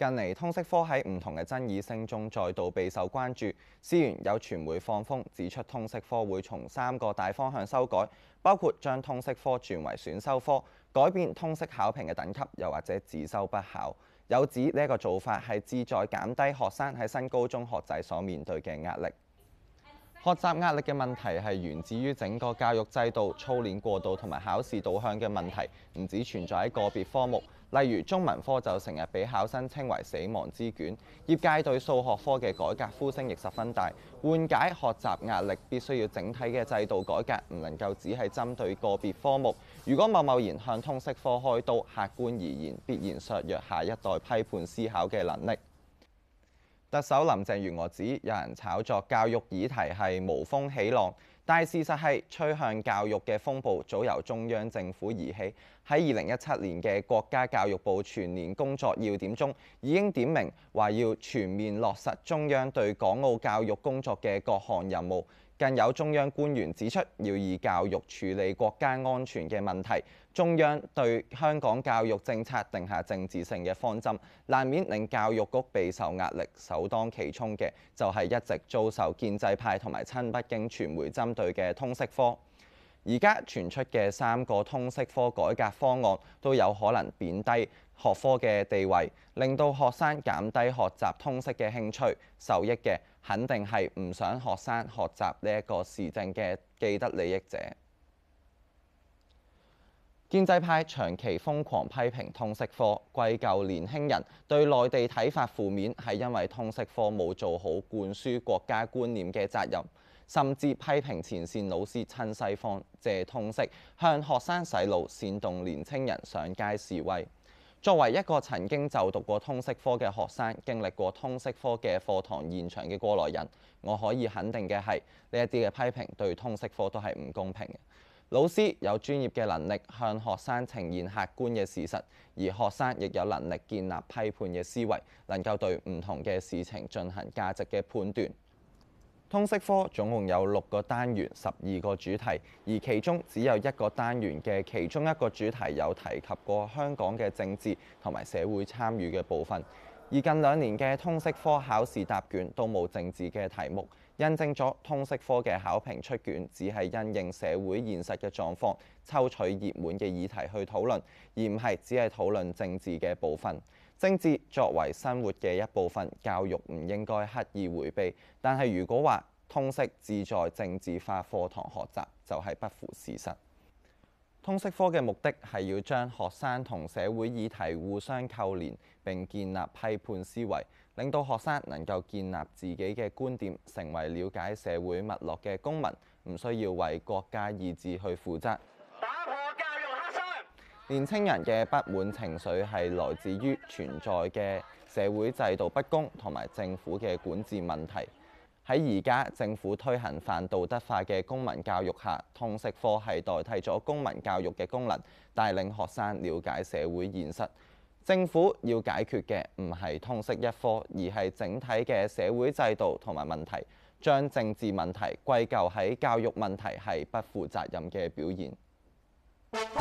近嚟通識科喺唔同嘅爭議聲中，再度備受關注。思源有傳媒放風指出，通識科會從三個大方向修改，包括將通識科轉為選修科，改變通識考評嘅等級，又或者自修不考。有指呢個做法係旨在減低學生喺新高中學制所面對嘅壓力。學習壓力嘅問題係源自於整個教育制度操練過度同埋考試導向嘅問題，唔止存在喺個別科目，例如中文科就成日畀考生稱為死亡之卷。業界對數學科嘅改革呼聲亦十分大，緩解學習壓力必須要整體嘅制度改革，唔能夠只係針對個別科目。如果貿貿然向通識科開刀，客觀而言，必然削弱下一代批判思考嘅能力。特首林鄭月娥指有人炒作教育議題係無風起浪，但事實係吹向教育嘅風暴早由中央政府而起。喺二零一七年嘅國家教育部全年工作要點中，已經點明話要全面落實中央對港澳教育工作嘅各項任務。更有中央官員指出，要以教育處理國家安全嘅問題，中央對香港教育政策定下政治性嘅方針，難免令教育局備受壓力。首當其衝嘅就係、是、一直遭受建制派同埋親北京傳媒針對嘅通識科。而家傳出嘅三個通識科改革方案都有可能貶低學科嘅地位，令到學生減低學習通識嘅興趣。受益嘅肯定係唔想學生學習呢一個時政嘅既得利益者。建制派長期瘋狂批評通識科，歸咎年輕人對內地睇法負面，係因為通識科冇做好灌輸國家觀念嘅責任。甚至批評前線老師親西方借通識向學生洗腦，煽動年青人上街示威。作為一個曾經就讀過通識科嘅學生，經歷過通識科嘅課堂現場嘅過來人，我可以肯定嘅係呢一啲嘅批評對通識科都係唔公平。老師有專業嘅能力向學生呈現客觀嘅事實，而學生亦有能力建立批判嘅思維，能夠對唔同嘅事情進行價值嘅判斷。通識科總共有六個單元，十二個主題，而其中只有一個單元嘅其中一個主題有提及過香港嘅政治同埋社會參與嘅部分。而近兩年嘅通識科考試答卷都冇政治嘅題目。印證咗通識科嘅考評出卷，只係因應社會現實嘅狀況，抽取熱門嘅議題去討論，而唔係只係討論政治嘅部分。政治作為生活嘅一部分，教育唔應該刻意迴避。但係如果話通識旨在政治化課堂學習，就係、是、不符事實。通識科嘅目的係要將學生同社會議題互相扣連，並建立批判思維，令到學生能夠建立自己嘅觀點，成為了解社會脈絡嘅公民，唔需要為國家意志去負責，打破教育黑箱。年青人嘅不滿情緒，係來自於存在嘅社會制度不公同埋政府嘅管治問題。喺而家政府推行泛道德化嘅公民教育下，通識科係代替咗公民教育嘅功能，帶領學生了解社會現實。政府要解決嘅唔係通識一科，而係整體嘅社會制度同埋問題，將政治問題歸咎喺教育問題係不負責任嘅表現。